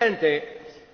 presidente